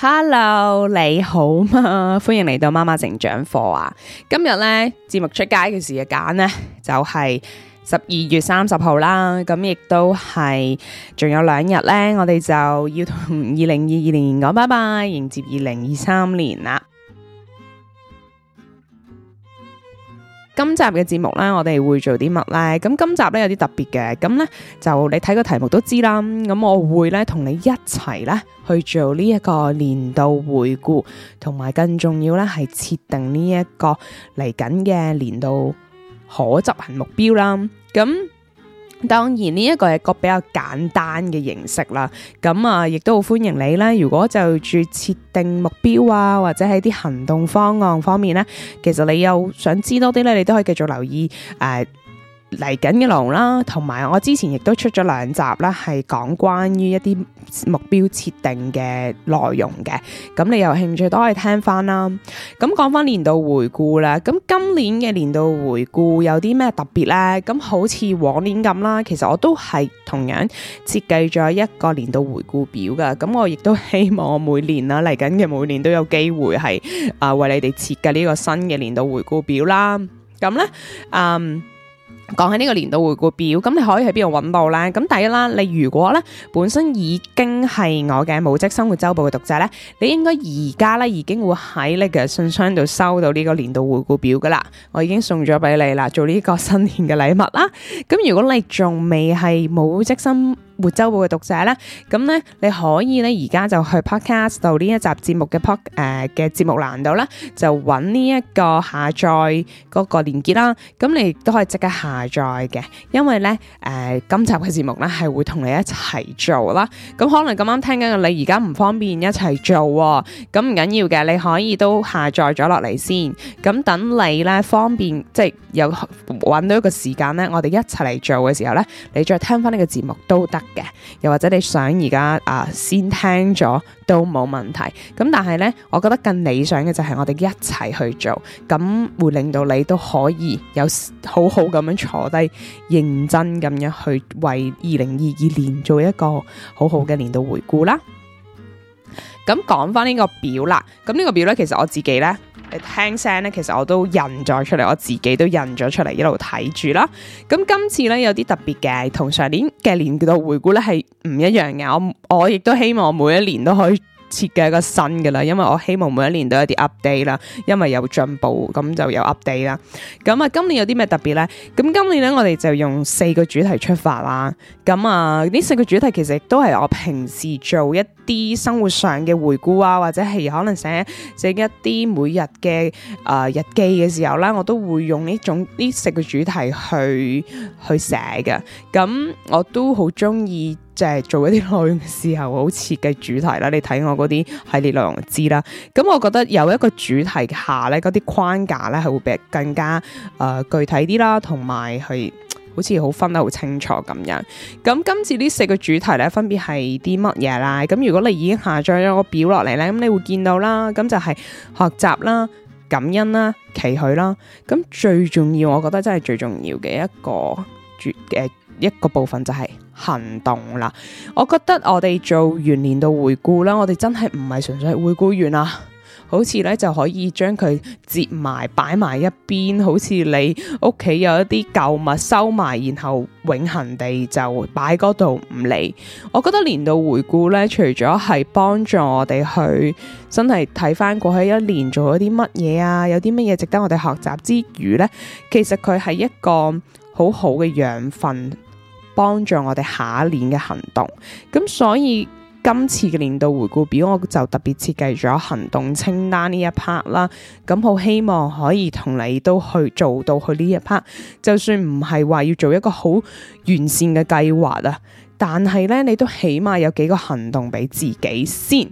Hello，你好嗎？歡迎嚟到媽媽成長課啊！今日咧節目出街嘅時間咧就係十二月三十號啦，咁亦都係仲有兩日咧，我哋就要同二零二二年講拜拜，迎接二零二三年啦。今集嘅節目咧，我哋會做啲乜呢？咁今集咧有啲特別嘅，咁咧就你睇個題目都知啦。咁我會咧同你一齊咧去做呢一個年度回顧，同埋更重要咧係設定呢一個嚟緊嘅年度可執行目標啦。咁。當然呢一個係個比較簡單嘅形式啦，咁啊亦都好歡迎你啦。如果就住設定目標啊，或者係啲行動方案方面咧，其實你有想知多啲咧，你都可以繼續留意誒。呃嚟緊嘅龍啦，同埋我之前亦都出咗兩集啦，係講關於一啲目標設定嘅內容嘅。咁你有興趣都可以聽翻啦。咁講翻年度回顧啦，咁今年嘅年度回顧有啲咩特別呢？咁好似往年咁啦，其實我都係同樣設計咗一個年度回顧表噶。咁我亦都希望我每年啦嚟緊嘅每年都有機會係啊、呃，為你哋設計呢個新嘅年度回顧表啦。咁呢。嗯、um。講起呢個年度回顧表，咁你可以喺邊度搵到呢？咁第一啦，你如果咧本身已經係我嘅母職生活周報嘅讀者呢，你應該而家呢已經會喺你嘅信箱度收到呢個年度回顧表噶啦。我已經送咗俾你啦，做呢個新年嘅禮物啦。咁如果你仲未係母職生，活周報嘅讀者啦，咁咧你可以咧而家就去 podcast 到呢一集節目嘅 podcast 嘅節目欄度啦，就揾呢一個下載嗰個連結啦。咁你都可以即刻下載嘅，因為咧誒、呃、今集嘅節目咧係會同你一齊做啦。咁可能咁啱聽緊嘅你而家唔方便一齊做，哦，咁唔緊要嘅，你可以都下載咗落嚟先。咁等你咧方便，即係有揾到一個時間咧，我哋一齊嚟做嘅時候咧，你再聽翻呢個節目都得。嘅，又或者你想而家啊先聽咗都冇問題，咁但係呢，我覺得更理想嘅就係我哋一齊去做，咁會令到你都可以有好好咁樣坐低，認真咁樣去為二零二二年做一個好好嘅年度回顧啦。咁講翻呢個表啦，咁呢個表呢，其實我自己呢。聽聲咧，其實我都印咗出嚟，我自己都印咗出嚟，一路睇住啦。咁今次咧有啲特別嘅，同上年嘅年度回顧咧係唔一樣嘅。我我亦都希望每一年都可以。設計一個新嘅啦，因為我希望每一年都有啲 update 啦，因為有進步，咁就有 update 啦。咁、嗯、啊，今年有啲咩特別呢？咁、嗯、今年咧，我哋就用四個主題出發啦。咁、嗯、啊，呢四個主題其實都係我平時做一啲生活上嘅回顧啊，或者係可能寫寫一啲每日嘅啊、呃、日記嘅時候啦，我都會用呢種呢四個主題去去寫嘅。咁、嗯、我都好中意。就係做一啲內容嘅時候，好似嘅主題啦，你睇我嗰啲系列內容就知啦。咁我覺得有一個主題下咧，嗰啲框架咧係會比更加誒、呃、具體啲啦，同埋係好似好分得好清楚咁樣。咁今次呢四個主題咧，分別係啲乜嘢啦？咁如果你已經下載咗個表落嚟咧，咁你會見到啦。咁就係學習啦、感恩啦、期許啦。咁最重要，我覺得真係最重要嘅一個主誒一,一個部分就係、是行動啦！我覺得我哋做完年度回顧啦，我哋真係唔係純粹係回顧完啦， 好似咧就可以將佢折埋擺埋一邊，好似你屋企有一啲舊物收埋，然後永恆地就擺嗰度唔理。我覺得年度回顧咧，除咗係幫助我哋去真係睇翻過去一年做咗啲乜嘢啊，有啲乜嘢值得我哋學習之餘呢，其實佢係一個好好嘅養分。幫助我哋下一年嘅行動，咁所以今次嘅年度回顧表，我就特別設計咗行動清單呢一 part 啦。咁好希望可以同你都去做到去呢一 part，就算唔係話要做一個好完善嘅計劃啊，但係呢，你都起碼有幾個行動俾自己先。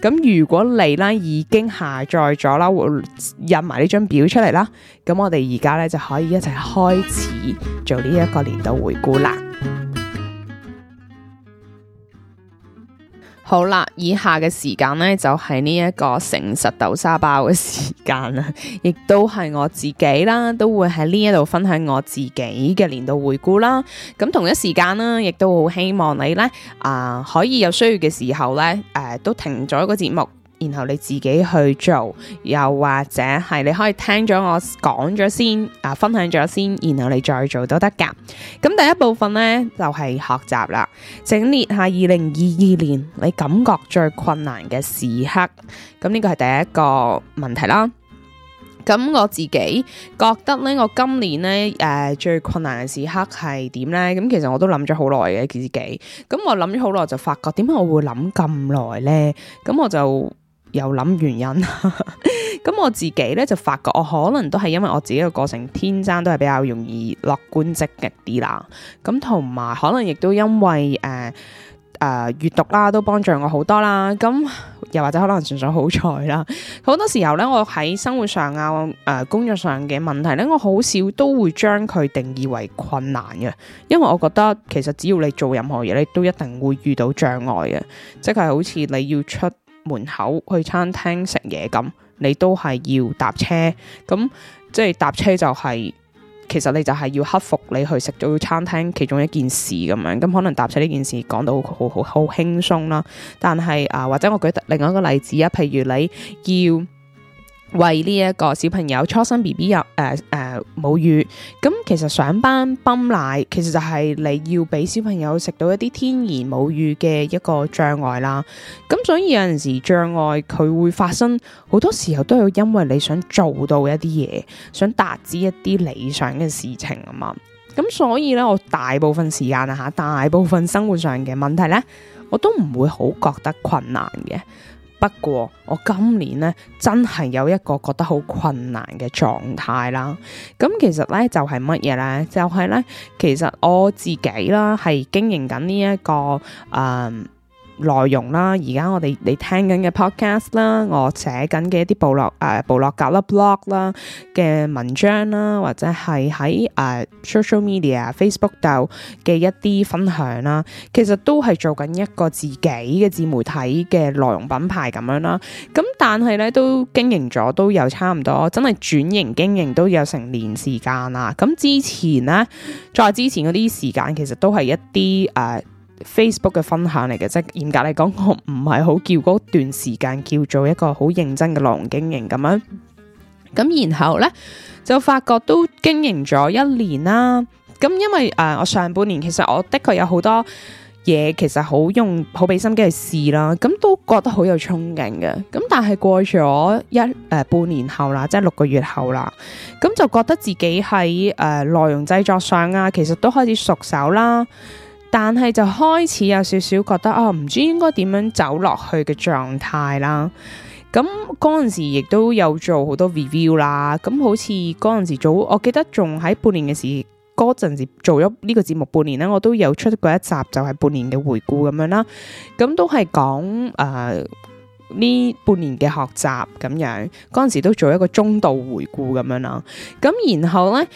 咁如果你呢已經下載咗啦，會印埋呢張表出嚟啦，咁我哋而家咧就可以一齊開始做呢一個年度回顧啦。好啦，以下嘅時間咧就係呢一個誠實豆沙包嘅時間啦，亦都係我自己啦，都會喺呢一度分享我自己嘅年度回顧啦。咁同一時間啦，亦都好希望你咧啊、呃、可以有需要嘅時候咧，誒、呃、都停咗個節目。然後你自己去做，又或者係你可以聽咗我講咗先，啊、呃、分享咗先，然後你再做都得㗎。咁第一部分呢，就係、是、學習啦，整列下二零二二年你感覺最困難嘅時刻。咁呢個係第一個問題啦。咁我自己覺得呢，我今年呢誒、呃、最困難嘅時刻係點呢？咁其實我都諗咗好耐嘅自己。咁我諗咗好耐就發覺，點解我會諗咁耐呢？咁我就。又諗原因，咁 我自己咧就發覺，我可能都係因為我自己嘅過程天生都係比較容易樂觀積極啲啦。咁同埋可能亦都因為誒誒閱讀啦，都幫助我好多啦。咁又或者可能純粹好彩啦。好多時候咧，我喺生活上啊誒、呃、工作上嘅問題咧，我好少都會將佢定義為困難嘅，因為我覺得其實只要你做任何嘢咧，你都一定會遇到障礙嘅，即係好似你要出。門口去餐廳食嘢咁，你都係要搭車，咁即係搭車就係、是、其實你就係要克服你去食到餐廳其中一件事咁樣。咁可能搭車呢件事講到好好好輕鬆啦，但係啊、呃、或者我舉得另外一個例子啊，譬如你要。為呢一個小朋友初生 B B 有誒誒母乳，咁其實上班泵奶，其實就係你要俾小朋友食到一啲天然母乳嘅一個障礙啦。咁所以有陣時障礙佢會發生，好多時候都有因為你想做到一啲嘢，想達至一啲理想嘅事情啊嘛。咁所以咧，我大部分時間啊吓，大部分生活上嘅問題咧，我都唔會好覺得困難嘅。不過我今年咧真係有一個覺得好困難嘅狀態啦，咁其實咧就係乜嘢咧？就係咧，其實我自己啦係經營緊呢一個誒。嗯內容啦，而家我哋你聽緊嘅 podcast 啦，我寫緊嘅一啲部落誒、呃、部落格啦 blog 啦嘅文章啦，或者係喺誒 social media Facebook 度嘅一啲分享啦，其實都係做緊一個自己嘅自媒體嘅內容品牌咁樣啦。咁但係咧都經營咗都有差唔多，真係轉型經營都有成年時間啦。咁之前呢，再之前嗰啲時間其實都係一啲誒。呃 Facebook 嘅分享嚟嘅即係，嚴格嚟講，我唔係好叫嗰段時間叫做一個好認真嘅內容經營咁樣。咁然後呢，就發覺都經營咗一年啦。咁因為誒、呃、我上半年其實我的確有好多嘢，其實好用好俾心機去試啦。咁都覺得好有憧憬嘅。咁但係過咗一誒、呃、半年後啦，即係六個月後啦，咁就覺得自己喺誒、呃、內容製作上啊，其實都開始熟手啦。但係就開始有少少覺得啊，唔、哦、知應該點樣走落去嘅狀態啦。咁嗰陣時亦都有做好多 review 啦。咁、嗯、好似嗰陣時做，我記得仲喺半年嘅時，嗰陣時做咗呢個節目半年咧，我都有出過一集，就係半年嘅回顧咁樣啦。咁、嗯、都係講誒呢半年嘅學習咁樣，嗰陣時都做一個中度回顧咁樣啦。咁、嗯、然後呢。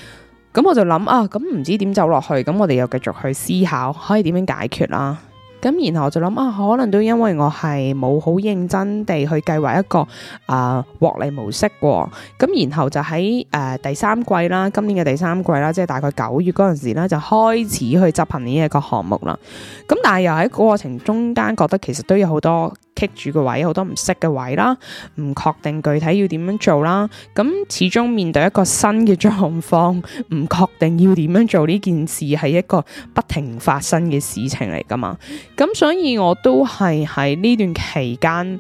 咁我就諗啊，咁唔知點走落去，咁我哋又繼續去思考，可以點樣解決啦、啊。咁然後我就諗啊，可能都因為我係冇好認真地去計劃一個誒、呃、獲利模式喎、哦，咁然後就喺誒、呃、第三季啦，今年嘅第三季啦，即係大概九月嗰陣時咧，就開始去執行呢一個項目啦。咁但係又喺過程中間覺得其實都有好多棘住嘅位，好多唔識嘅位啦，唔確定具體要點樣做啦。咁始終面對一個新嘅狀況，唔確定要點樣做呢件事係一個不停發生嘅事情嚟噶嘛。咁所以我都係喺呢段期間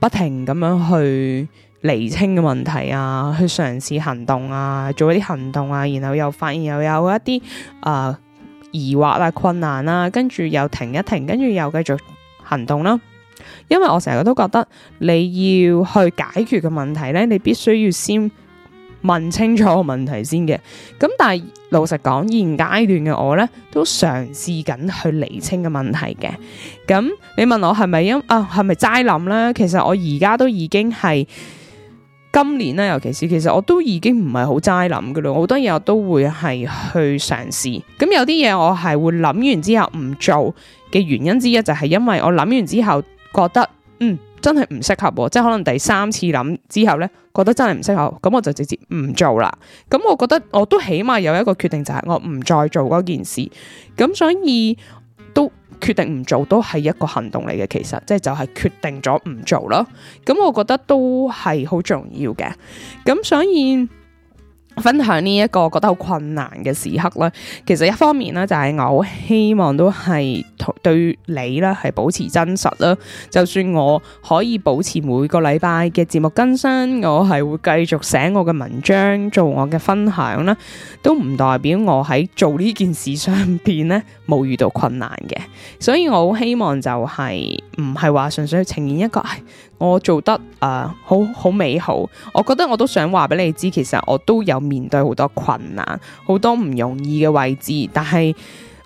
不停咁樣去厘清嘅問題啊，去嘗試行動啊，做一啲行動啊，然後又發現又有一啲誒、呃、疑惑啊、困難啊，跟住又停一停，跟住又繼續行動啦、啊。因為我成日都覺得你要去解決嘅問題咧，你必須要先。問清楚個問題先嘅，咁但係老實講，現階段嘅我呢，都嘗試緊去厘清嘅問題嘅。咁你問我係咪因啊係咪齋諗呢？其實我而家都已經係今年啦，尤其是其實我都已經唔係好齋諗噶啦。好多嘢我都會係去嘗試。咁有啲嘢我係會諗完之後唔做嘅原因之一，就係因為我諗完之後覺得嗯。真係唔適合，即係可能第三次諗之後呢，覺得真係唔適合，咁我就直接唔做啦。咁我覺得我都起碼有一個決定，就係我唔再做嗰件事。咁所以都決定唔做，都係一個行動嚟嘅。其實即係就係決定咗唔做囉。咁我覺得都係好重要嘅。咁所以。分享呢一個覺得好困難嘅時刻咧，其實一方面呢，就係我好希望都係對你咧係保持真實啦。就算我可以保持每個禮拜嘅節目更新，我係會繼續寫我嘅文章、做我嘅分享啦，都唔代表我喺做呢件事上邊呢冇遇到困難嘅。所以我好希望就係唔係話純粹呈現一個。我做得誒、呃、好好美好，我覺得我都想話俾你知，其實我都有面對好多困難，好多唔容易嘅位置，但係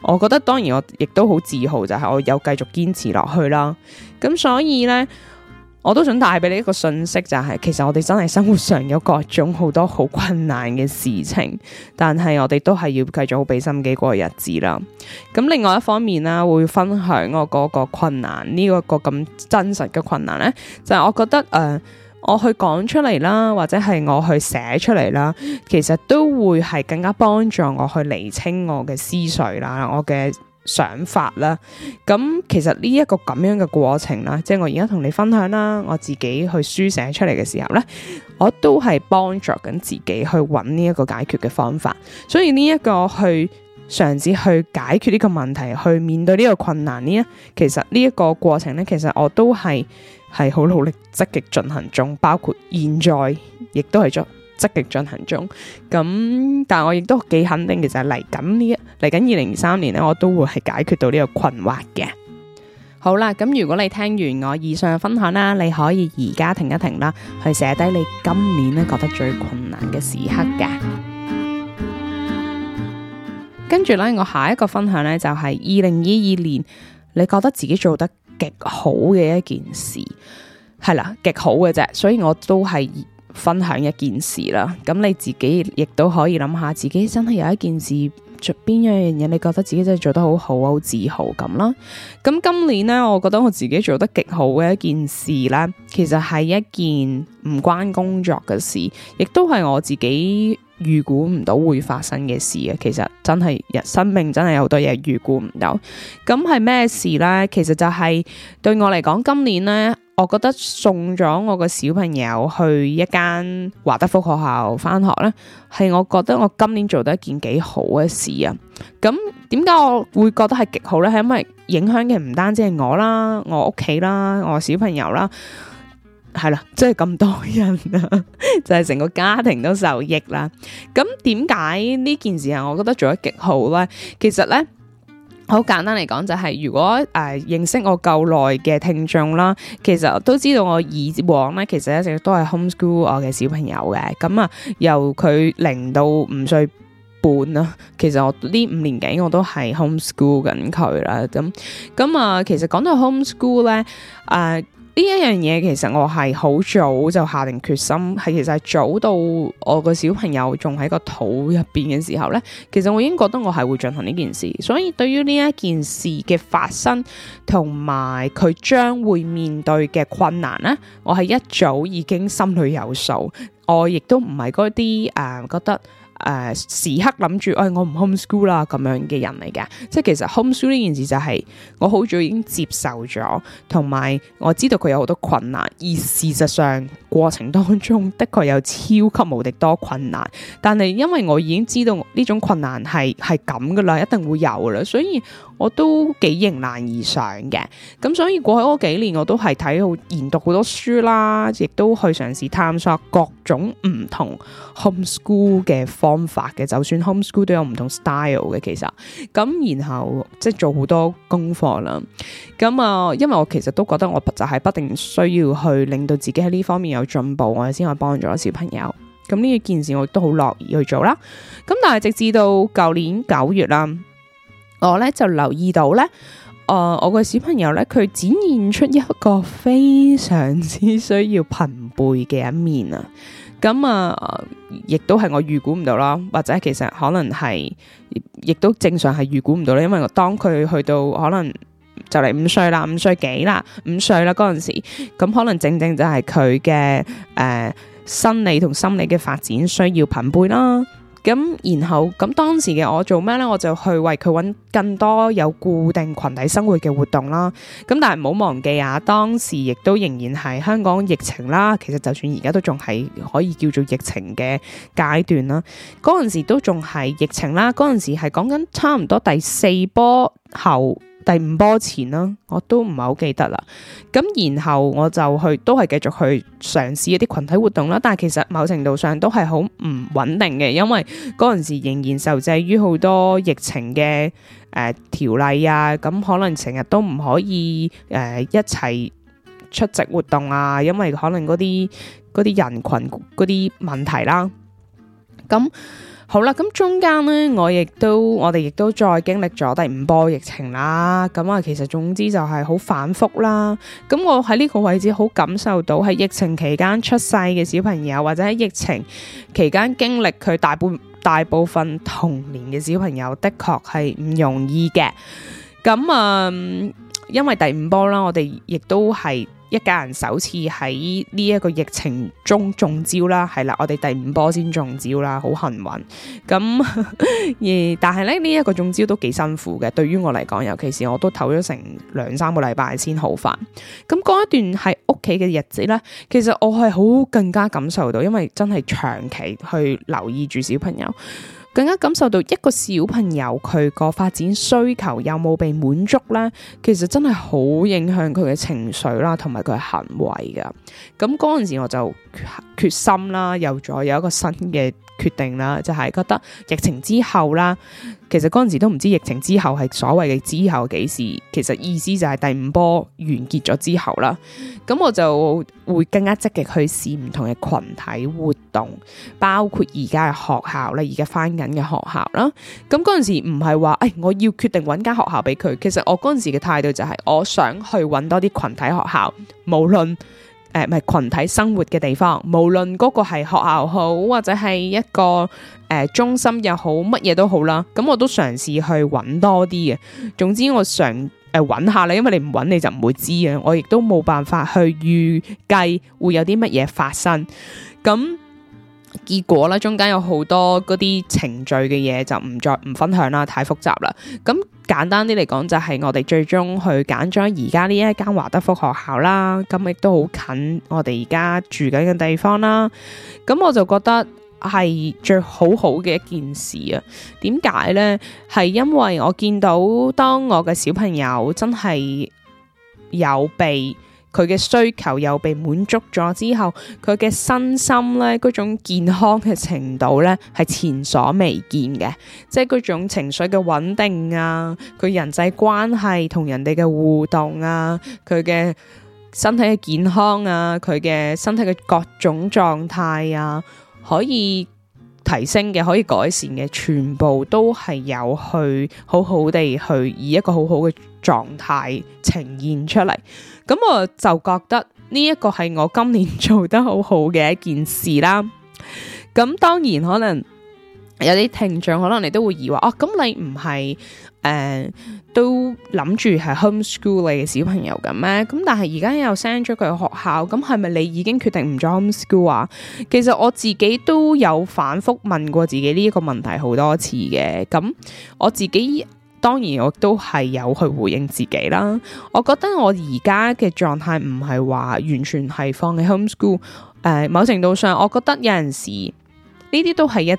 我覺得當然我亦都好自豪，就係、是、我有繼續堅持落去啦。咁所以呢。我都想帶俾你一個信息，就是，就係其實我哋真係生活上有各種好多好困難嘅事情，但係我哋都係要繼續好俾心機過日子啦。咁另外一方面啦，會分享我嗰個困難呢，這個咁真實嘅困難呢就係、是、我覺得誒、呃，我去講出嚟啦，或者係我去寫出嚟啦，其實都會係更加幫助我去釐清我嘅思緒啦，我嘅。想法啦，咁其實呢一個咁樣嘅過程啦，即係我而家同你分享啦，我自己去書寫出嚟嘅時候咧，我都係幫助緊自己去揾呢一個解決嘅方法，所以呢一個去嘗試去解決呢個問題，去面對呢個困難呢，其實呢一個過程咧，其實我都係係好努力積極進行中，包括現在亦都係咗。積極進行中，咁但係我亦都幾肯定，其實嚟緊呢一，嚟緊二零二三年呢，我都會係解決到呢個困惑嘅。好啦，咁如果你聽完我以上嘅分享啦，你可以而家停一停啦，去寫低你今年呢覺得最困難嘅時刻嘅。跟住呢，我下一個分享呢，就係二零二二年，你覺得自己做得極好嘅一件事，係啦、啊，極好嘅啫，所以我都係。分享一件事啦，咁你自己亦都可以諗下，自己真係有一件事做邊樣嘢，你覺得自己真係做得好好，好自豪咁啦。咁今年呢，我覺得我自己做得極好嘅一件事呢，其實係一件唔關工作嘅事，亦都係我自己預估唔到會發生嘅事啊。其實真係人生命真係有好多嘢預估唔到。咁係咩事呢？其實就係對我嚟講，今年呢。我覺得送咗我個小朋友去一間華德福學校翻學咧，係我覺得我今年做得一件幾好嘅事啊！咁點解我會覺得係極好咧？係因為影響嘅唔單止係我啦，我屋企啦，我小朋友啦，係啦，即係咁多人啊， 就係成個家庭都受益啦。咁點解呢件事啊，我覺得做得極好咧？其實咧。好簡單嚟講，就係如果誒、呃、認識我夠耐嘅聽眾啦，其實都知道我以往咧，其實一直都係 homeschool 我嘅小朋友嘅。咁、嗯、啊，由佢零到五歲半啦，其實我呢五年幾我都係 homeschool 緊佢啦。咁咁啊，其實講到 homeschool 咧，誒、呃。呢一樣嘢其實我係好早就下定決心，係其實係早到我個小朋友仲喺個肚入邊嘅時候呢，其實我已經覺得我係會進行呢件事，所以對於呢一件事嘅發生同埋佢將會面對嘅困難呢，我係一早已經心裏有數，我亦都唔係嗰啲誒覺得。誒，uh, 時刻諗住，哎，我唔 homeschool 啦，咁樣嘅人嚟嘅，即係其實 homeschool 呢件事就係我好早已經接受咗，同埋我知道佢有好多困難，而事實上過程當中的確有超級無敵多困難，但係因為我已經知道呢種困難係係咁噶啦，一定會有啦，所以。我都幾迎難而上嘅，咁所以過去嗰幾年我都係睇好研讀好多書啦，亦都去嘗試探索各種唔同 homeschool 嘅方法嘅，就算 homeschool 都有唔同 style 嘅，其實，咁然後即係做好多功課啦，咁啊，因為我其實都覺得我就係不定需要去令到自己喺呢方面有進步，我哋先可以幫助小朋友，咁呢一件事我都好樂意去做啦，咁但係直至到舊年九月啦。我咧就留意到咧，誒、呃，我個小朋友咧，佢展現出一個非常之需要頻背嘅一面啊！咁、嗯、啊、呃，亦都係我預估唔到啦，或者其實可能係，亦都正常係預估唔到啦。因為我當佢去到可能就嚟五歲啦，五歲幾啦，五歲啦嗰陣時，咁、嗯、可能正正就係佢嘅誒生理同心理嘅發展需要頻背啦。咁，然後咁當時嘅我做咩呢？我就去為佢揾更多有固定群體生活嘅活動啦。咁但係唔好忘記啊，當時亦都仍然係香港疫情啦。其實就算而家都仲係可以叫做疫情嘅階段啦。嗰陣時都仲係疫情啦。嗰陣時係講緊差唔多第四波後，第五波前啦，我都唔係好記得啦。咁然後我就去都係繼續去嘗試一啲群體活動啦，但係其實某程度上都係好唔穩定嘅，因為嗰陣時仍然受制於好多疫情嘅誒條例啊，咁、嗯、可能成日都唔可以誒、呃、一齊出席活動啊，因為可能嗰啲嗰啲人群、嗰啲問題啦，咁、嗯。好啦，咁中間呢，我亦都我哋亦都再經歷咗第五波疫情啦。咁、嗯、啊，其實總之就係好反複啦。咁、嗯、我喺呢個位置好感受到，喺疫情期間出世嘅小朋友或者喺疫情期間經歷佢大半大部分童年嘅小朋友，的確係唔容易嘅。咁、嗯、啊，因為第五波啦，我哋亦都係。一家人首次喺呢一個疫情中中招啦，係啦，我哋第五波先中招啦，好幸運。咁，誒， 但係咧呢一個中招都幾辛苦嘅，對於我嚟講，尤其是我都唞咗成兩三個禮拜先好翻。咁嗰一段喺屋企嘅日子呢，其實我係好更加感受到，因為真係長期去留意住小朋友。更加感受到一個小朋友佢個發展需求有冇被滿足咧，其實真係好影響佢嘅情緒啦，同埋佢嘅行為㗎。咁嗰陣時我就決心啦，又再有一個新嘅。決定啦，就係覺得疫情之後啦，其實嗰陣時都唔知疫情之後係所謂嘅之後幾時。其實意思就係第五波完結咗之後啦，咁我就會更加積極去試唔同嘅群體活動，包括而家嘅學校啦，而家翻緊嘅學校啦。咁嗰陣時唔係話，誒，我要決定揾間學校俾佢。其實我嗰陣時嘅態度就係我想去揾多啲群體學校，無論。誒，係、呃、群體生活嘅地方，無論嗰個係學校好，或者係一個誒、呃、中心又好，乜嘢都好啦。咁我都嘗試去揾多啲嘅，總之我嘗誒揾下啦，因為你唔揾你就唔會知啊。我亦都冇辦法去預計會有啲乜嘢發生，咁。結果啦，中間有好多嗰啲程序嘅嘢就唔再唔分享啦，太複雜啦。咁簡單啲嚟講，就係我哋最終去揀咗而家呢一間華德福學校啦。咁亦都好近我哋而家住緊嘅地方啦。咁我就覺得係最好好嘅一件事啊。點解呢？係因為我見到當我嘅小朋友真係有備。佢嘅需求又被滿足咗之後，佢嘅身心咧嗰種健康嘅程度咧係前所未見嘅，即係嗰種情緒嘅穩定啊，佢人際關係同人哋嘅互動啊，佢嘅身體嘅健康啊，佢嘅身體嘅各種狀態啊，可以提升嘅，可以改善嘅，全部都係有去好好地去以一個好好嘅。狀態呈現出嚟，咁我就覺得呢一個係我今年做得好好嘅一件事啦。咁當然可能有啲聽眾可能你都會疑惑，哦咁、 啊、你唔係誒都諗住係 homeschool 你嘅小朋友嘅咩？咁但係而家又 send 咗佢去學校，咁係咪你已經決定唔再 homeschool 啊？其實我自己都有反覆問過自己呢一個問題好多次嘅，咁我自己。當然，我都係有去回應自己啦。我覺得我而家嘅狀態唔係話完全係放喺 homeschool、呃。某程度上，我覺得有陣時呢啲都係一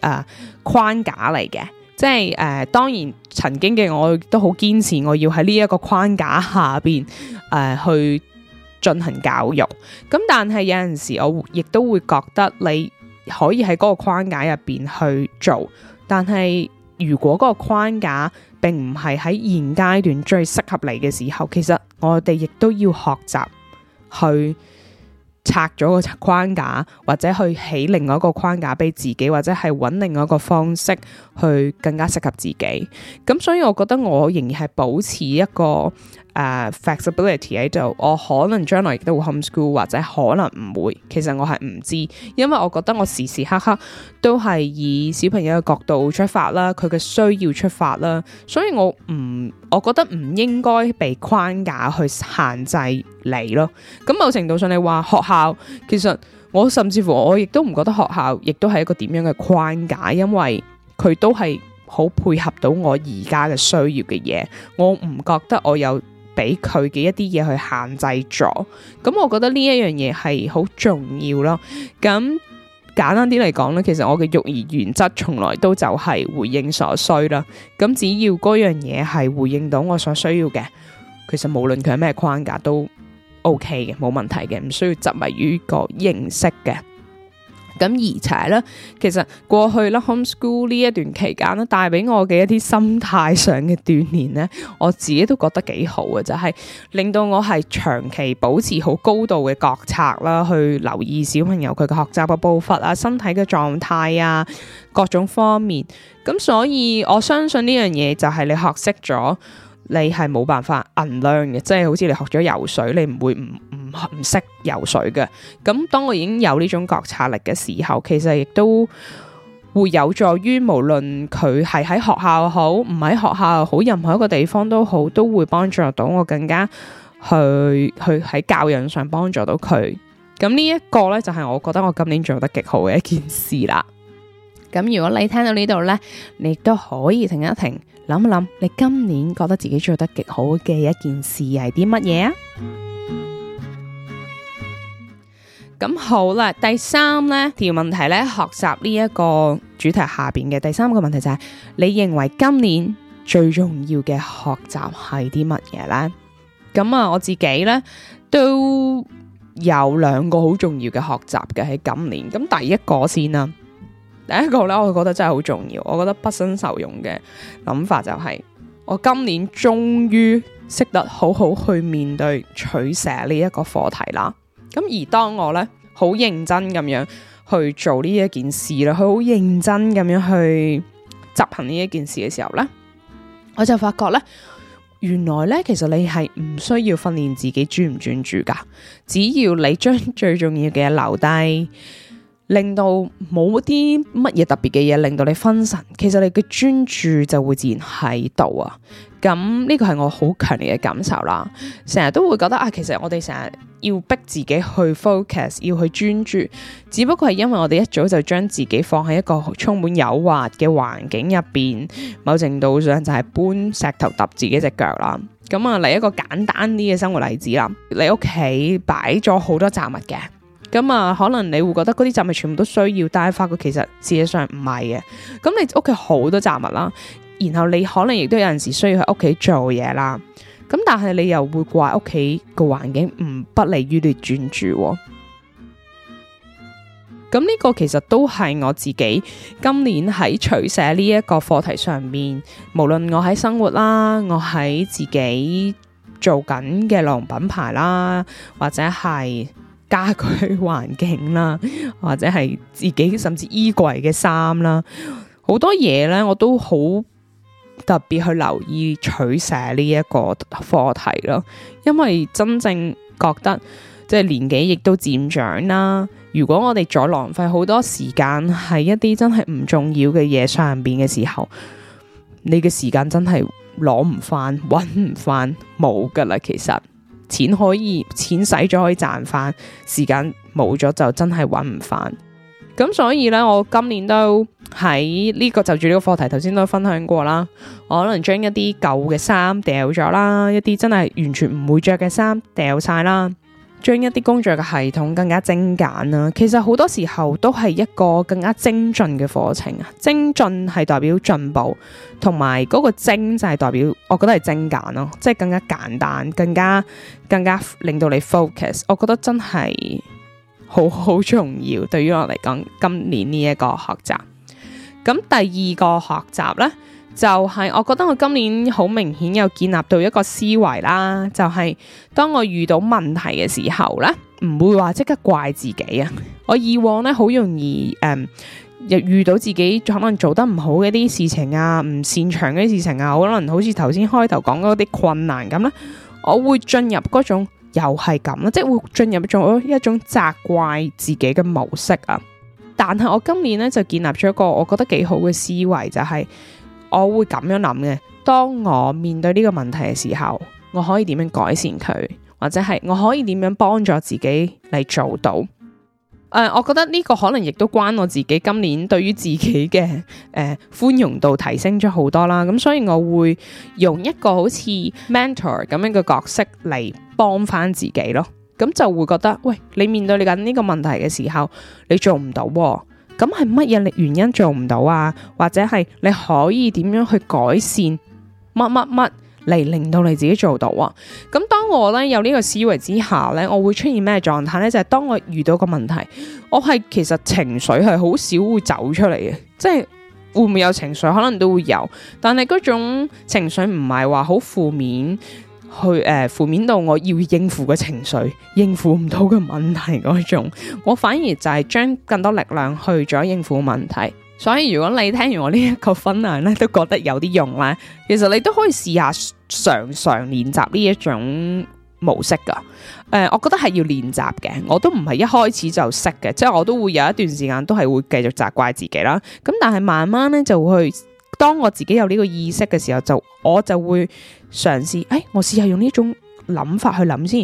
啲誒、呃、框架嚟嘅。即係誒、呃，當然曾經嘅我都好堅持，我要喺呢一個框架下邊誒、呃、去進行教育。咁但係有陣時，我亦都會覺得你可以喺嗰個框架入邊去做，但係。如果嗰個框架並唔係喺現階段最適合你嘅時候，其實我哋亦都要學習去拆咗個框架，或者去起另外一個框架俾自己，或者係揾另外一個方式去更加適合自己。咁所以，我覺得我仍然係保持一個。誒 flexibility 喺度，uh, 我可能將來亦都會 homeschool，或者可能唔會。其實我係唔知，因為我覺得我時時刻刻都係以小朋友嘅角度出發啦，佢嘅需要出發啦，所以我唔，我覺得唔應該被框架去限制你咯。咁某程度上你，你話學校其實我甚至乎我亦都唔覺得學校亦都係一個點樣嘅框架，因為佢都係好配合到我而家嘅需要嘅嘢，我唔覺得我有。俾佢嘅一啲嘢去限制咗，咁我覺得呢一樣嘢係好重要咯。咁簡單啲嚟講呢其實我嘅育兒原則從來都就係回應所需啦。咁只要嗰樣嘢係回應到我所需要嘅，其實無論佢係咩框架都 OK 嘅，冇問題嘅，唔需要執迷於個形式嘅。咁而且咧，其實過去啦 homeschool 呢一段期間咧，帶俾我嘅一啲心態上嘅鍛鍊咧，我自己都覺得幾好啊！就係、是、令到我係長期保持好高度嘅覺察啦，去留意小朋友佢嘅學習嘅步伐啊、身體嘅狀態啊、各種方面。咁所以我相信呢樣嘢就係你學識咗。你係冇辦法 unlearn 嘅，即係好似你學咗游水，你唔會唔唔唔識游水嘅。咁當我已經有呢種覺察力嘅時候，其實亦都會有助於無論佢係喺學校好，唔喺學校好，任何一個地方都好，都會幫助到我更加去去喺教養上幫助到佢。咁呢一個呢，就係我覺得我今年做得極好嘅一件事啦。咁如果你聽到呢度呢，你都可以停一停。諗一諗，你今年覺得自己做得極好嘅一件事係啲乜嘢啊？咁好啦，第三呢條問題呢，學習呢一個主題下邊嘅第三個問題就係，你認為今年最重要嘅學習係啲乜嘢呢？咁啊，我自己呢都有兩個好重要嘅學習嘅喺今年，咁第一個先啦。第一個咧，我覺得真係好重要。我覺得畢生受用嘅諗法就係、是，我今年終於識得好好去面對取捨呢一個課題啦。咁而當我咧，好認真咁樣去做呢一件事啦，佢好認真咁樣去執行呢一件事嘅時候咧，我就發覺咧，原來咧，其實你係唔需要訓練自己專唔專注噶，只要你將最重要嘅嘢留低。令到冇啲乜嘢特別嘅嘢，令到你分神。其實你嘅專注就會自然喺度啊。咁呢個係我好強烈嘅感受啦。成日都會覺得啊，其實我哋成日要逼自己去 focus，要去專注，只不過係因為我哋一早就將自己放喺一個充滿誘惑嘅環境入邊，某程度上就係搬石頭揼自己隻腳啦。咁啊，嚟一個簡單啲嘅生活例子啦，你屋企擺咗好多雜物嘅。咁啊、嗯，可能你會覺得嗰啲雜物全部都需要，但係發覺其實事實上唔係嘅。咁你屋企好多雜物啦，然後你可能亦都有陣時需要喺屋企做嘢啦。咁但係你又會怪屋企個環境唔不利於你專注。咁呢個其實都係我自己今年喺取捨呢一個課題上面，無論我喺生活啦，我喺自己做緊嘅內容品牌啦，或者係。家居環境啦，或者係自己甚至衣櫃嘅衫啦，好多嘢咧，我都好特別去留意取捨呢一個課題咯。因為真正覺得即係年紀亦都漸長啦，如果我哋再浪費好多時間喺一啲真係唔重要嘅嘢上邊嘅時候，你嘅時間真係攞唔返，搵唔返，冇㗎喇，其實。錢可以，錢使咗可以賺翻，時間冇咗就真係揾唔翻。咁所以呢，我今年都喺呢個就住呢個課題，頭先都分享過啦。我可能將一啲舊嘅衫掉咗啦，一啲真係完全唔會着嘅衫掉晒啦。將一啲工作嘅系統更加精簡啦，其實好多時候都係一個更加精進嘅課程啊！精進係代表進步，同埋嗰個精就係代表，我覺得係精簡咯，即係更加簡單，更加更加令到你 focus。我覺得真係好好重要，對於我嚟講，今年呢一個學習。咁第二個學習呢。就係我覺得我今年好明顯有建立到一個思維啦，就係、是、當我遇到問題嘅時候咧，唔會話即刻怪自己啊。我以往咧好容易誒，嗯、又遇到自己可能做得唔好嘅啲事情啊，唔擅長嘅啲事情啊，可能好似頭先開頭講嗰啲困難咁咧，我會進入嗰種又係咁啦，即係會進入咗一種責怪自己嘅模式啊。但係我今年咧就建立咗一個我覺得幾好嘅思維，就係、是。我會咁樣諗嘅，當我面對呢個問題嘅時候，我可以點樣改善佢，或者係我可以點樣幫助自己嚟做到？誒、呃，我覺得呢個可能亦都關我自己今年對於自己嘅誒寬容度提升咗好多啦。咁所以我會用一個好似 mentor 咁樣嘅角色嚟幫翻自己咯。咁就會覺得，喂，你面對你緊呢個問題嘅時候，你做唔到，哦。咁係乜嘢原因做唔到啊？或者係你可以點樣去改善乜乜乜嚟,令到你自己做到？啊？咁、嗯、當我呢，有呢個思維之下呢，我會出現咩狀態呢？就係、是、當我遇到個問題，我係其實情緒係好少會走出嚟嘅，即、就、係、是、會唔會有情緒？可能都會有，但係嗰種情緒唔係話好負面。去誒、呃、負面到我要應付嘅情緒，應付唔到嘅問題嗰種，我反而就係將更多力量去咗應付問題。所以如果你聽完我呢一個分享咧，都覺得有啲用咧，其實你都可以試下常常練習呢一種模式㗎。誒、呃，我覺得係要練習嘅，我都唔係一開始就識嘅，即、就、係、是、我都會有一段時間都係會繼續責怪自己啦。咁但係慢慢咧就會去。當我自己有呢個意識嘅時候，就我就會嘗試，誒，我試下用呢種諗法去諗先。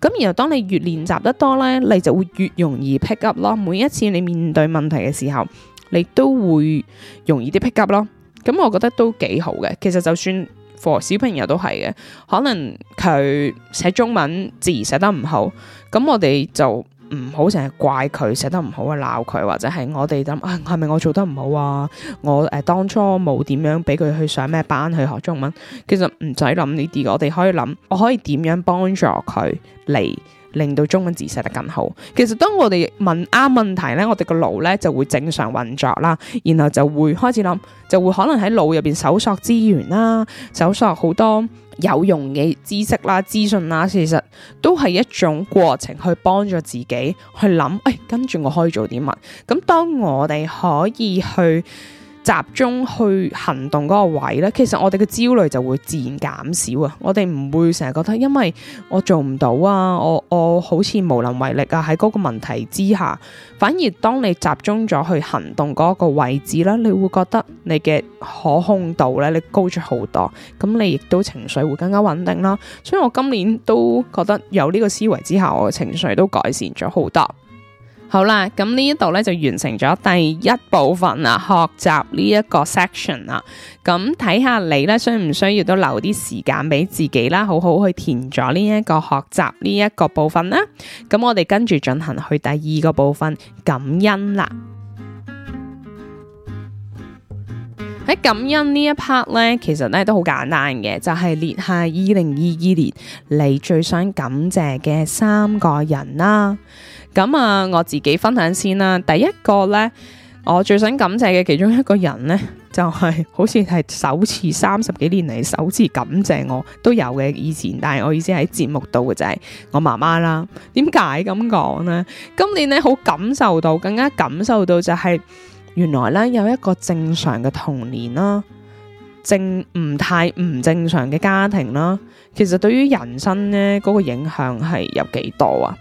咁然後當你越練習得多呢，你就會越容易 pick up 咯。每一次你面對問題嘅時候，你都會容易啲 pick up 咯。咁我覺得都幾好嘅。其實就算 for 小朋友都係嘅，可能佢寫中文字寫得唔好，咁我哋就。唔好成日怪佢寫得唔好啊，鬧佢或者係我哋諗啊，係咪我做得唔好啊？我誒、呃、當初冇點樣俾佢去上咩班去學中文，其實唔使諗呢啲，我哋可以諗，我可以點樣幫助佢嚟令到中文字寫得更好？其實當我哋問啱問題呢，我哋個腦呢就會正常運作啦，然後就會開始諗，就會可能喺腦入邊搜索資源啦，搜索好多，有用嘅知識啦、資訊啦，其實都係一種過程，去幫助自己去諗。誒，跟住我可以做啲乜？咁當我哋可以去集中去行動嗰個位咧，其實我哋嘅焦慮就會自然減少啊！我哋唔會成日覺得因為我做唔到啊，我我好似無能為力啊，喺嗰個問題之下，反而當你集中咗去行動嗰個位置啦，你會覺得你嘅可控度咧，你高咗好多，咁你亦都情緒會更加穩定啦。所以我今年都覺得有呢個思維之下，我嘅情緒都改善咗好多。好啦，咁、嗯、呢一度呢就完成咗第一部分啦，學習呢一個 section 啦。咁睇下你呢需唔需要都留啲時間俾自己啦，好好去填咗呢一個學習呢一個部分啦。咁、嗯、我哋跟住進行去第二個部分，感恩啦。喺 感恩呢一 part 呢，其實呢都好簡單嘅，就係、是、列下二零二二年你最想感謝嘅三個人啦。咁啊，我自己分享先啦。第一個呢，我最想感謝嘅其中一個人呢，就係、是、好似係首次三十幾年嚟，首次感謝我都有嘅。以前，但係我意思喺節目度嘅就係我媽媽啦。點解咁講呢？今年呢，好感受到，更加感受到就係、是、原來呢，有一個正常嘅童年啦，正唔太唔正常嘅家庭啦。其實對於人生呢，嗰、那個影響係有幾多啊？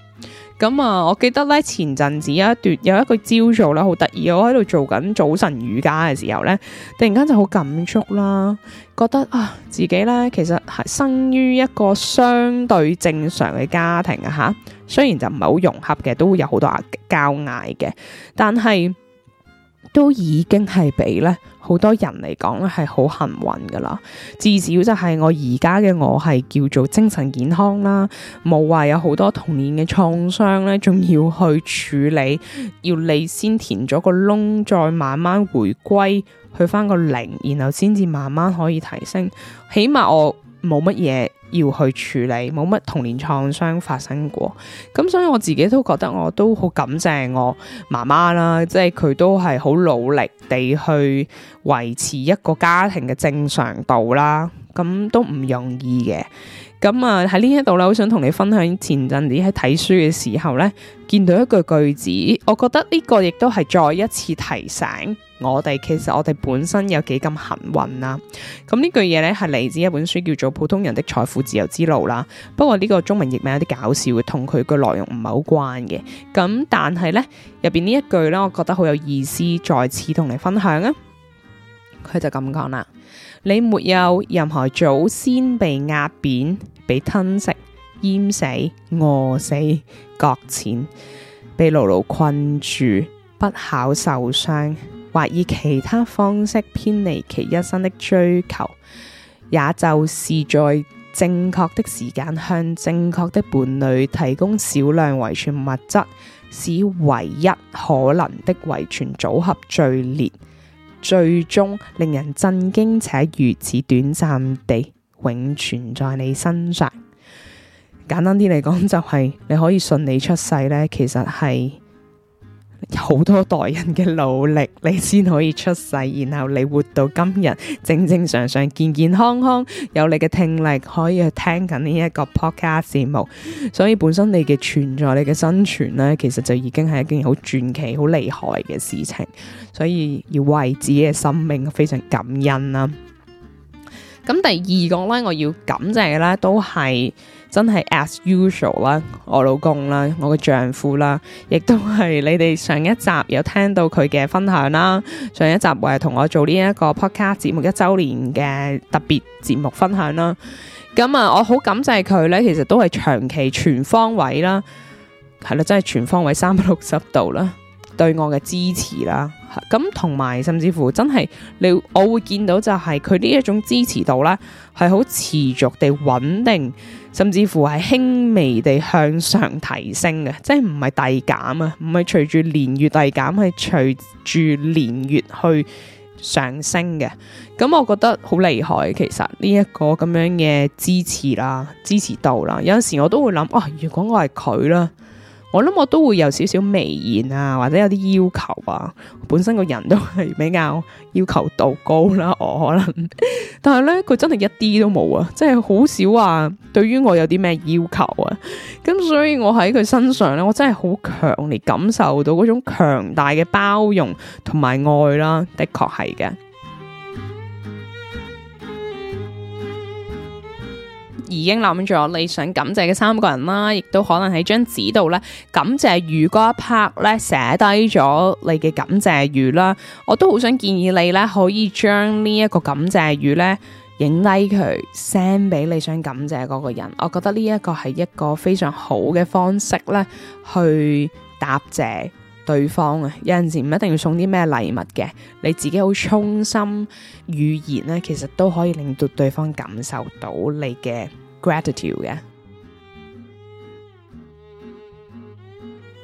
咁啊、嗯，我記得咧前陣子有一段有一個朝早啦，好得意，我喺度做緊早晨瑜伽嘅時候咧，突然間就好感觸啦，覺得啊自己咧其實係生於一個相對正常嘅家庭啊吓，雖然就唔係好融合嘅，都會有好多嗌交嗌嘅，但係。都已經係比咧，好多人嚟講咧係好幸運噶啦。至少就係我而家嘅我係叫做精神健康啦，冇話有好多童年嘅創傷咧，仲要去處理，要你先填咗個窿，再慢慢回歸，去翻個零，然後先至慢慢可以提升。起碼我。冇乜嘢要去處理，冇乜童年創傷發生過，咁所以我自己都覺得我都好感謝我媽媽啦，即係佢都係好努力地去維持一個家庭嘅正常度啦，咁都唔容易嘅。咁啊喺呢一度咧，好想同你分享前陣子喺睇書嘅時候呢，見到一句句子，我覺得呢個亦都係再一次提醒。我哋其實我哋本身有幾咁幸運啦、啊，咁呢句嘢呢，係嚟自一本書叫做《普通人的財富自由之路》啦。不過呢個中文譯名有啲搞笑嘅，同佢個內容唔係好關嘅。咁但係呢入邊呢一句呢，我覺得好有意思，再次同你分享啊。佢就咁講啦：你沒有任何祖先被壓扁、被吞食、淹死、死、餓死、擱淺、被牢牢困住、不巧受傷。或以其他方式偏離其一生的追求，也就是在正確的時間向正確的伴侶提供少量遺傳物質，使唯一可能的遺傳組合序列，最終令人震驚且如此短暫地永存在你身上。簡單啲嚟講，就係、是、你可以順利出世咧，其實係。好多代人嘅努力，你先可以出世，然後你活到今日，正正常常、健健康康，有你嘅聽力可以去聽緊呢一個 podcast 節目，所以本身你嘅存在、你嘅生存呢，其實就已經係一件好傳奇、好厲害嘅事情，所以要為自己嘅生命非常感恩啦、啊。咁第二個呢，我要感謝嘅呢都係。真係 as usual 啦，我老公啦，我嘅丈夫啦，亦都係你哋上一集有聽到佢嘅分享啦。上一集係同我做呢一個 podcast 節目一周年嘅特別節目分享啦。咁啊，我好感謝佢呢，其實都係長期全方位啦，係啦，真係全方位三百六十度啦，對我嘅支持啦。咁同埋甚至乎真係你我會見到就係佢呢一種支持度呢，係好持續地穩定。甚至乎係輕微地向上提升嘅，即係唔係遞減啊，唔係隨住年月遞減，係隨住年月去上升嘅。咁、嗯、我覺得好厲害，其實呢一、這個咁樣嘅支持啦、支持度啦，有陣時我都會諗，啊，如果我係佢啦。」我諗我都會有少少微言啊，或者有啲要求啊。本身個人都係比較要求度高啦，我可能。但係咧，佢真係一啲都冇啊，即係好少話對於我有啲咩要求啊。咁所以我喺佢身上咧，我真係好強烈感受到嗰種強大嘅包容同埋愛啦。的確係嘅。已經諗咗你想感謝嘅三個人啦，亦都可能喺張紙度咧，感謝語嗰一 part 咧寫低咗你嘅感謝語啦，我都好想建議你咧可以將呢一個感謝語咧影低佢 send 俾你想感謝嗰個人。我覺得呢一個係一個非常好嘅方式咧去答謝。對方啊，有陣時唔一定要送啲咩禮物嘅，你自己好衷心語言咧，其實都可以令到對方感受到你嘅 gratitude 嘅。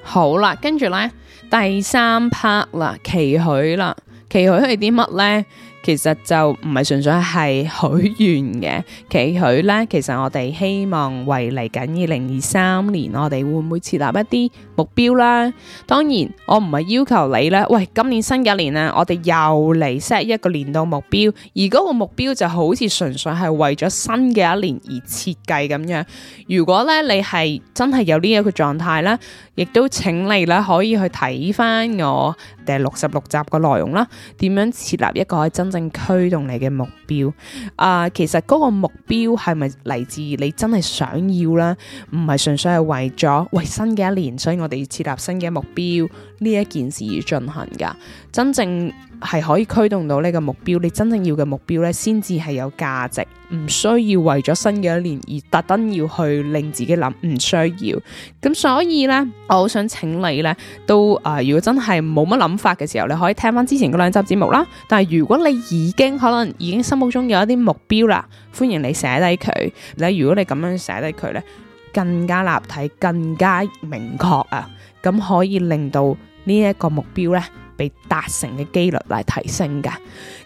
好啦，跟住咧第三 part 啦，期許啦，期許係啲乜咧？其實就唔係純粹係許願嘅，祈許呢，其實我哋希望為嚟緊二零二三年，我哋會唔會設立一啲目標啦？當然，我唔係要求你呢：「喂，今年新嘅一年啊，我哋又嚟 set 一個年度目標，而嗰個目標就好似純粹係為咗新嘅一年而設計咁樣。如果呢，你係真係有呢一個狀態啦，亦都請你呢可以去睇翻我第六十六集嘅內容啦，點樣設立一個真。正驅動你嘅目標啊，其實嗰個目標係咪嚟自你真係想要啦？唔係純粹係為咗為新嘅一年，所以我哋要設立新嘅目標呢一件事而進行噶，真正。係可以驅動到呢個目標，你真正要嘅目標呢，先至係有價值，唔需要為咗新嘅一年而特登要去令自己諗，唔需要。咁所以呢，我好想請你呢，都啊、呃，如果真係冇乜諗法嘅時候，你可以聽翻之前嗰兩集節目啦。但係如果你已經可能已經心目中有一啲目標啦，歡迎你寫低佢。你如果你咁樣寫低佢呢，更加立體，更加明確啊，咁可以令到呢一個目標呢。被達成嘅幾率嚟提升噶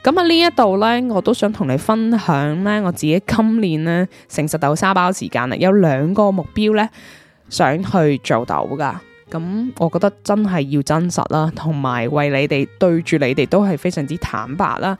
咁啊呢一度呢，我都想同你分享呢，我自己今年呢，誠實豆沙包時間啦，有兩個目標呢，想去做到噶咁我覺得真係要真實啦，同埋為你哋對住你哋都係非常之坦白啦。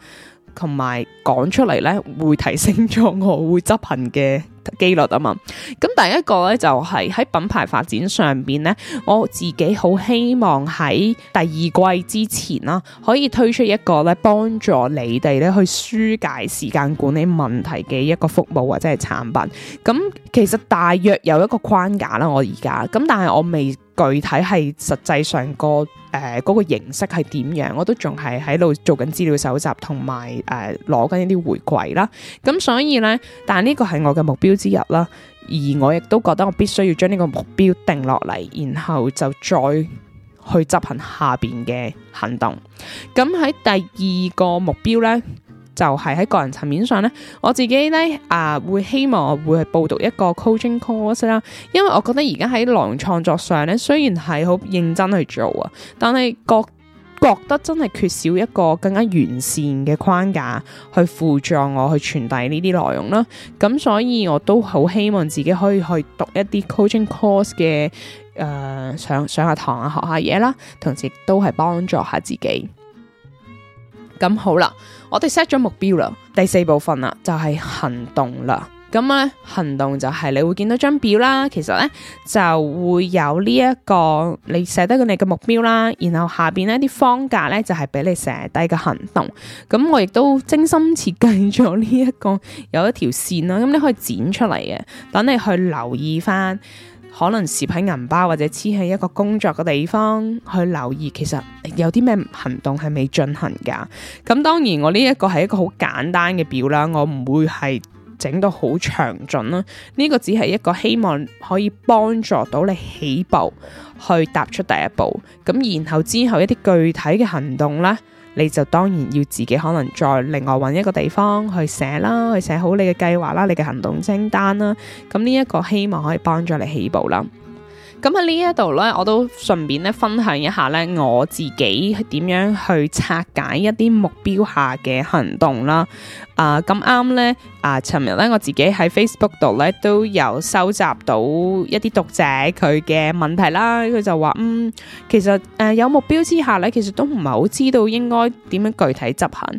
同埋講出嚟呢，會提升咗我會執行嘅幾率啊嘛。咁第一個呢，就係喺品牌發展上邊呢，我自己好希望喺第二季之前啦，可以推出一個呢，幫助你哋呢去紓解時間管理問題嘅一個服務或者係產品。咁其實大約有一個框架啦，我而家咁，但係我未。具體係實際上個誒嗰、呃嗰個形式係點樣，我都仲係喺度做緊資料搜集同埋誒攞緊一啲回饋啦。咁所以呢，但係呢個係我嘅目標之一啦。而我亦都覺得我必須要將呢個目標定落嚟，然後就再去執行下邊嘅行動。咁喺第二個目標呢。就係喺個人層面上呢，我自己呢，啊，會希望會去報讀一個 coaching course 啦，因為我覺得而家喺內容創作上呢，雖然係好認真去做啊，但係覺覺得真係缺少一個更加完善嘅框架去輔助我去傳遞呢啲內容啦。咁所以我都好希望自己可以去讀一啲 coaching course 嘅誒、呃、上上下堂啊，學下嘢啦，同時都係幫助下自己。咁好啦，我哋 set 咗目標啦，第四部分啦就係行動啦。咁咧行動就係你會見到張表啦，其實咧就會有呢一個你寫低你嘅目標啦，然後下邊呢啲方格咧就係俾你寫低嘅行動。咁我亦都精心設計咗呢一個有一條線啦，咁你可以剪出嚟嘅，等你去留意翻。可能攝喺銀包或者黐喺一個工作嘅地方去留意，其實有啲咩行動係未進行㗎。咁當然我，我呢一個係一個好簡單嘅表啦，我唔會係整到好詳盡啦。呢、這個只係一個希望可以幫助到你起步去踏出第一步。咁然後之後一啲具體嘅行動啦。你就當然要自己可能再另外揾一個地方去寫啦，去寫好你嘅計劃啦，你嘅行動清單啦。咁呢一個希望可以幫助你起步啦。咁喺呢一度呢，我都順便咧分享一下呢我自己點樣去拆解一啲目標下嘅行動啦。啊，呃，咁啱呢。啊！尋日咧，我自己喺 Facebook 度咧都有收集到一啲讀者佢嘅問題啦。佢就話：嗯，其實誒、呃、有目標之下咧，其實都唔係好知道應該點樣具體執行。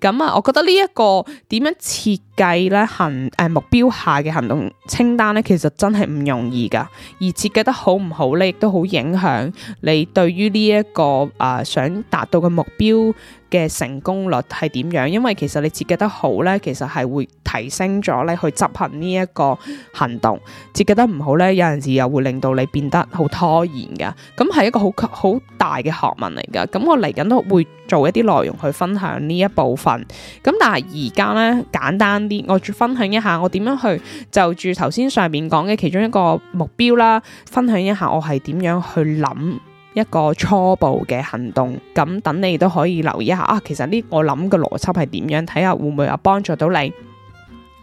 咁、嗯、啊，我覺得、這個、呢一個點樣設計咧行誒、呃、目標下嘅行動清單咧，其實真係唔容易噶。而設計得好唔好咧，亦都好影響你對於呢一個啊、呃、想達到嘅目標。嘅成功率係點樣？因為其實你設計得好咧，其實係會提升咗咧去執行呢一個行動；設計得唔好咧，有陣時又會令到你變得好拖延噶。咁係一個好好大嘅學問嚟噶。咁我嚟緊都會做一啲內容去分享呢一部分。咁但係而家咧，簡單啲，我分享一下我點樣去，就住頭先上面講嘅其中一個目標啦，分享一下我係點樣去諗。一個初步嘅行動，咁等你都可以留意一下啊。其實呢，我諗嘅邏輯係點樣，睇下會唔會有幫助到你。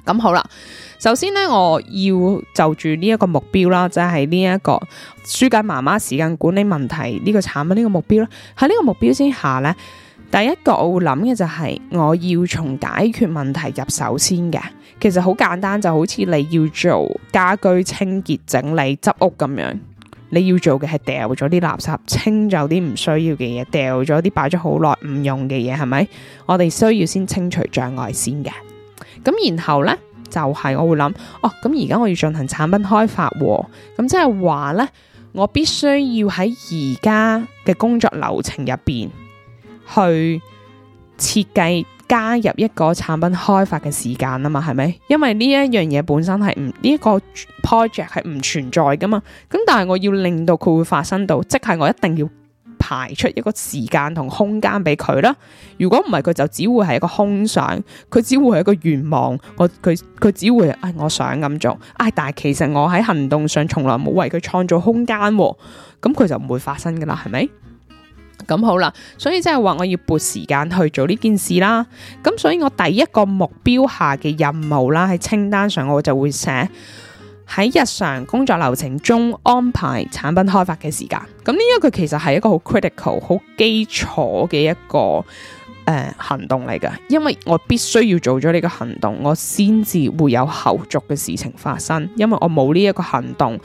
咁好啦，首先呢，我要就住呢一個目標啦，即係呢一個書簡媽媽時間管理問題呢個產品呢個目標啦。喺呢個目標之下呢，第一個我會諗嘅就係我要從解決問題入手先嘅。其實好簡單，就好似你要做家居清潔整理執屋咁樣。你要做嘅係掉咗啲垃圾，清走啲唔需要嘅嘢，掉咗啲擺咗好耐唔用嘅嘢，係咪？我哋需要先清除障礙先嘅。咁然後呢，就係、是、我會諗哦，咁而家我要進行產品開發、哦，咁即係話呢，我必須要喺而家嘅工作流程入邊去設計，加入一個產品開發嘅時間啊嘛，係咪？因為呢一樣嘢本身係唔，呢一個 project 係唔存在噶嘛，咁但係我要令到佢會發生到，即係我一定要排出一個時間同空間俾佢啦。如果唔係，佢就只會係一個空想，佢只會係一個願望。我佢佢只會誒、哎，我想咁做，啊、哎！但係其實我喺行動上從來冇為佢創造空間、啊、咁、嗯、佢就唔會發生噶啦，係咪？咁好啦，所以即係話我要撥時間去做呢件事啦。咁所以我第一個目標下嘅任務啦，喺清單上我就會寫喺日常工作流程中安排產品開發嘅時間。咁呢一個佢其實係一個好 critical、好基礎嘅一個誒行動嚟㗎。因為我必須要做咗呢個行動，我先至會有後續嘅事情發生。因為我冇呢一個行動。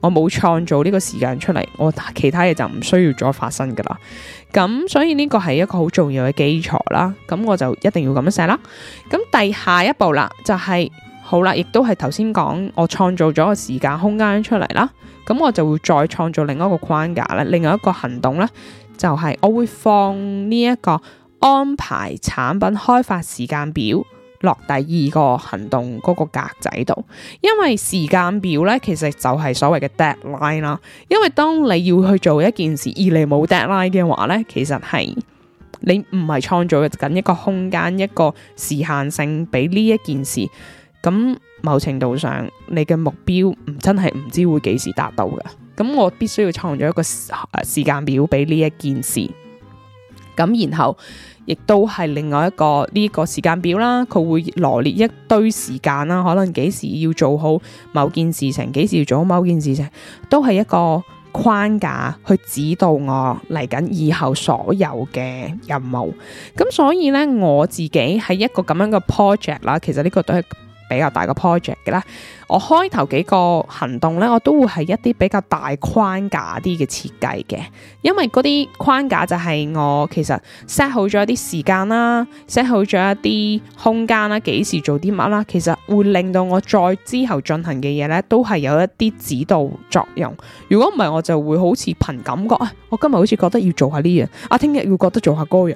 我冇創造呢個時間出嚟，我其他嘢就唔需要再發生噶啦。咁所以呢個係一個好重要嘅基礎啦。咁我就一定要咁樣寫啦。咁第下一步啦，就係好啦，亦都係頭先講我創造咗個時間空間出嚟啦。咁我就會再創造另一個框架啦，另外一個行動呢，就係我會放呢一個安排產品開發時間表。落第二個行動嗰個格仔度，因為時間表呢，其實就係所謂嘅 deadline 啦。因為當你要去做一件事，而你冇 deadline 嘅話呢，其實係你唔係創造緊一個空間，一個時限性俾呢一件事。咁某程度上，你嘅目標唔真係唔知會幾時達到嘅。咁我必須要創造一個時間表俾呢一件事。咁然後。亦都係另外一個呢個時間表啦，佢會羅列一堆時間啦，可能幾時要做好某件事情，幾時要做好某件事情，都係一個框架去指導我嚟緊以後所有嘅任務。咁所以呢，我自己係一個咁樣嘅 project 啦，其實呢個都係比較大個 project 嘅啦，我開頭幾個行動呢，我都會係一啲比較大框架啲嘅設計嘅，因為嗰啲框架就係我其實 set 好咗一啲時間啦，set 好咗一啲空間啦，幾時做啲乜啦，其實會令到我再之後進行嘅嘢呢都係有一啲指導作用。如果唔係，我就會好似憑感覺啊、哎，我今日好似覺得要做下呢樣，啊聽日要覺得做下嗰樣。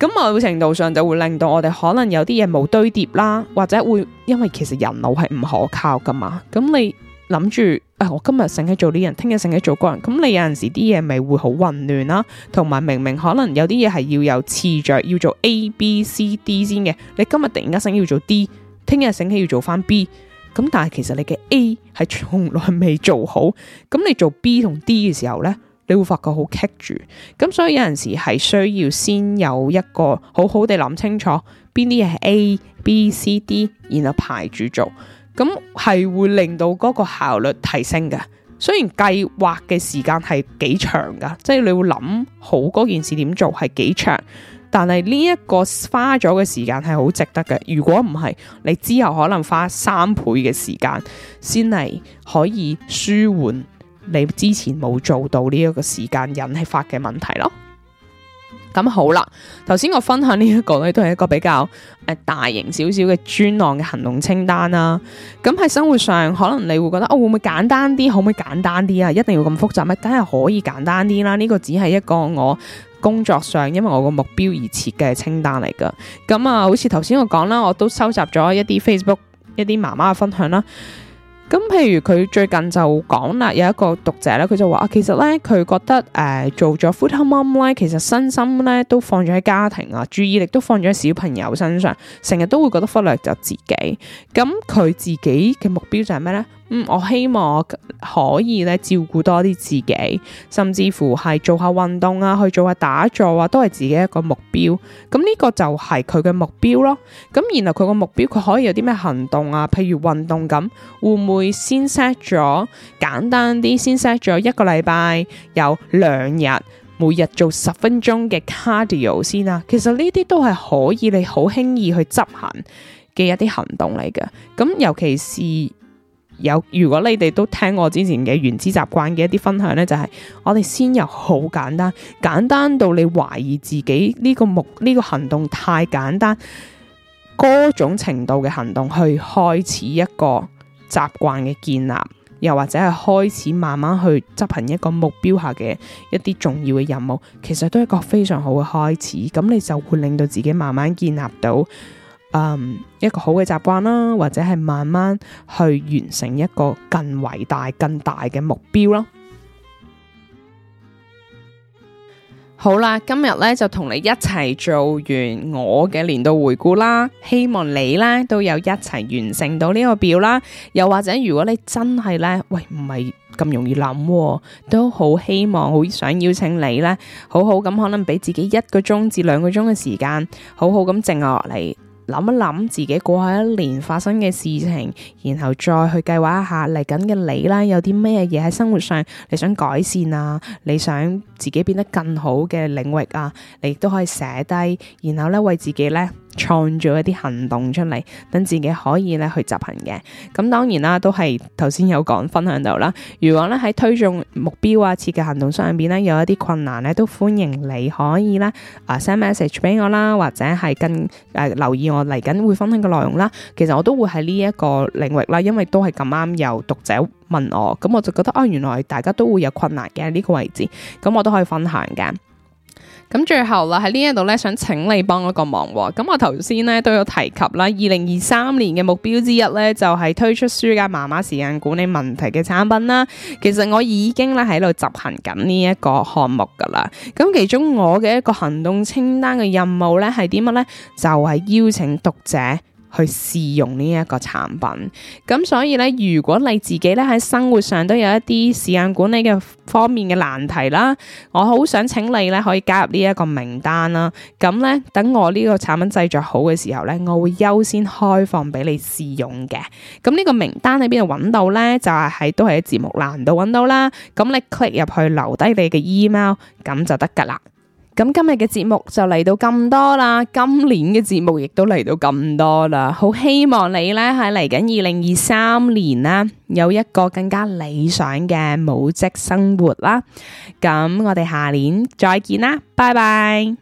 咁某程度上就會令到我哋可能有啲嘢冇堆疊啦，或者會因為其實人腦係唔可靠噶嘛。咁你諗住誒，我今日醒起做啲人，聽日醒起做個人，咁你有陣時啲嘢咪會好混亂啦。同埋明明可能有啲嘢係要有次序，要做 A、B、C、D 先嘅。你今日突然間醒起要做 D，聽日醒起要做翻 B，咁但係其實你嘅 A 係從來未做好，咁你做 B 同 D 嘅時候呢？你會發覺好棘住，咁所以有陣時係需要先有一個好好地諗清楚邊啲嘢係 A、B、C、D，然後排住做，咁係會令到嗰個效率提升嘅。雖然計劃嘅時間係幾長噶，即係你會諗好嗰件事點做係幾長，但係呢一個花咗嘅時間係好值得嘅。如果唔係，你之後可能花三倍嘅時間先嚟可以舒緩。你之前冇做到呢一個時間引起發嘅問題咯，咁好啦。頭先我分享呢、這、一個咧，都係一個比較誒大型少少嘅專案嘅行動清單啦。咁喺生活上，可能你會覺得哦，會唔會簡單啲，可唔可以簡單啲啊？一定要咁複雜咩？梗係可以簡單啲啦。呢、這個只係一個我工作上因為我個目標而設嘅清單嚟噶。咁啊，好似頭先我講啦，我都收集咗一啲 Facebook 一啲媽媽嘅分享啦。咁，譬如佢最近就講啦，有一個讀者咧，佢就話啊，其實咧佢覺得誒、呃、做咗 Fulltime Mom 咧，其實身心咧都放咗喺家庭啊，注意力都放咗喺小朋友身上，成日都會覺得忽略咗自己。咁佢自己嘅目標就係咩咧？嗯，我希望可以咧照顧多啲自己，甚至乎係做下運動啊，去做下打坐啊，都係自己一個目標。咁、嗯、呢、這個就係佢嘅目標咯。咁、嗯、然後佢個目標，佢可以有啲咩行動啊？譬如運動咁，會唔會先 set 咗簡單啲，先 set 咗一個禮拜有兩日，每日做十分鐘嘅 cardio 先啊。其實呢啲都係可以你好輕易去執行嘅一啲行動嚟嘅。咁、嗯、尤其是。有，如果你哋都聽我之前嘅原子習慣嘅一啲分享呢，就係、是、我哋先由好簡單，簡單到你懷疑自己呢個目呢、呢個行動太簡單，嗰種程度嘅行動去開始一個習慣嘅建立，又或者係開始慢慢去執行一個目標下嘅一啲重要嘅任務，其實都係一個非常好嘅開始，咁你就會令到自己慢慢建立到。嗯，一個好嘅習慣啦，或者係慢慢去完成一個更偉大、更大嘅目標咯。好啦，今日呢就同你一齊做完我嘅年度回顧啦。希望你呢都有一齊完成到呢個表啦。又或者如果你真係呢，喂，唔係咁容易諗喎，都好希望好想邀請你呢好好咁，可能俾自己一個鐘至兩個鐘嘅時間，好好咁靜落嚟。諗一諗自己過去一年發生嘅事情，然後再去計劃一下嚟緊嘅你啦，有啲咩嘢喺生活上你想改善啊？你想自己變得更好嘅領域啊？你亦都可以寫低，然後咧為自己咧。創造一啲行動出嚟，等自己可以咧去執行嘅。咁當然啦，都係頭先有講分享到啦。如果咧喺推進目標啊、設計行動上面咧有一啲困難咧，都歡迎你可以啦啊 send message 俾我啦，或者係跟誒留意我嚟緊會分享嘅內容啦。其實我都會喺呢一個領域啦，因為都係咁啱有讀者問我，咁我就覺得哦、啊，原來大家都會有困難嘅呢、這個位置，咁我都可以分享嘅。咁最後啦，喺呢一度咧，想請你幫我個忙喎、哦。咁我頭先呢，都有提及啦，二零二三年嘅目標之一呢，就係、是、推出書架媽媽時間管理問題嘅產品啦。其實我已經咧喺度執行緊呢一個項目㗎啦。咁其中我嘅一個行動清單嘅任務呢，係點乜呢？就係、是、邀請讀者。去試用呢一個產品，咁所以咧，如果你自己咧喺生活上都有一啲時間管理嘅方面嘅難題啦，我好想請你咧可以加入呢一個名單啦，咁咧等我呢個產品製作好嘅時候咧，我會優先開放俾你試用嘅。咁呢個名單喺邊度搵到咧？就係喺都係喺節目欄度搵到啦。咁你 click 入去留低你嘅 email，咁就得噶啦。咁今日嘅節目就嚟到咁多啦，今年嘅節目亦都嚟到咁多啦。好希望你咧喺嚟緊二零二三年啦，啊，有一個更加理想嘅母職生活啦。咁我哋下年再見啦，拜拜。